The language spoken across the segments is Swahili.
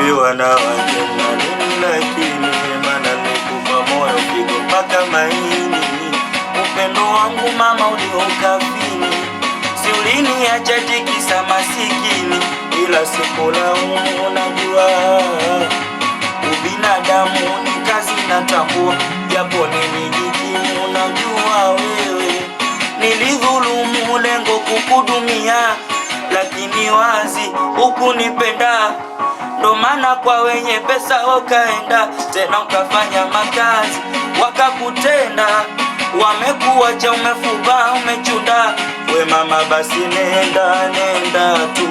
kuambiwa na wajema lakini mana nikupa moyo pigo mpaka maini. Upendo wangu mama uliokafini, si uliniacha masikini, ila sikulaumu, unajua ubinadamu ni kazi na tabu, japo nilijikimu, unajua wewe nilidhulumu, lengo kukudumia, lakini wazi ukunipenda ndo maana kwa wenye pesa wakaenda tena ukafanya makazi wakakutenda, wamekuwacha umefuba, umechunda. We mama, basi nenda nenda tu,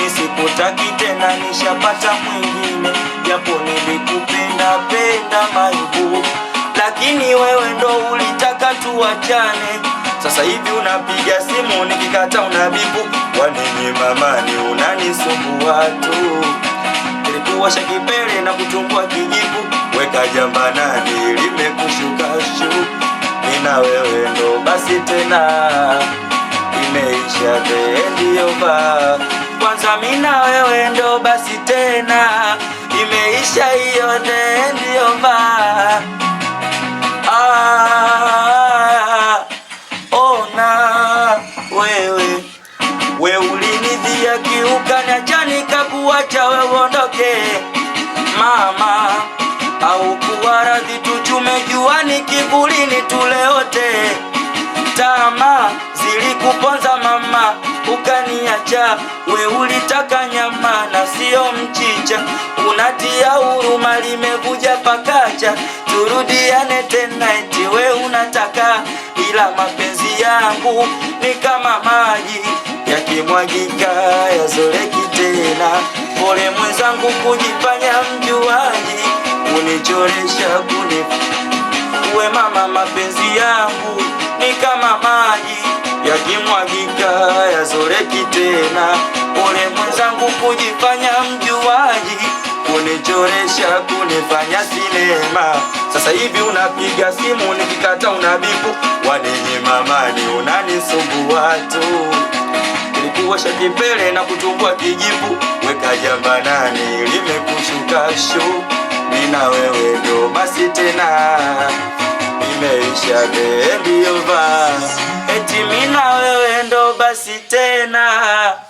nisikutaki tena, nishapata mwingine, japo nilikupenda penda maibu, lakini wewe ndo ulitaka tuachane. Sasa hivi unapiga simu nikikata unabibu, wanini unani unanisumbua tu kuwasha kipele na kutumbua kijivu, weka jamba nani limekushuka shu, nina wewe ndo basi tena, imeisha the end kwanza mina wewe ndo basi tena nikikiuka niacha kakuwacha wewe mama, au kuwa radhi tuchume juani kivulini tuleote. tama zilikuponza mama, ukaniacha we, ulitaka nyama na sio mchicha, unatia huruma limevuja pakacha, turudiane tena eti we unataka, ila mapenzi yangu ni kama maji yamemwagika yazoleki tena. Pole mwenzangu kujifanya mjuaji, kunichoresha kuni uwe mama, mapenzi yangu ni kama maji yakimwagika yazoleki tena. Pole mwenzangu kujifanya mjuaji, kunichoresha kunifanya sinema. Sasa hivi unapiga simu nikikata unabipu, waninyima unani unanisumbua tu kuosha kipele na kutukua kijibu, weka jambanani limekushuka shu, nina wewe ndo basi tena, nimeisha bendi eti mina wewe ndo basi tena.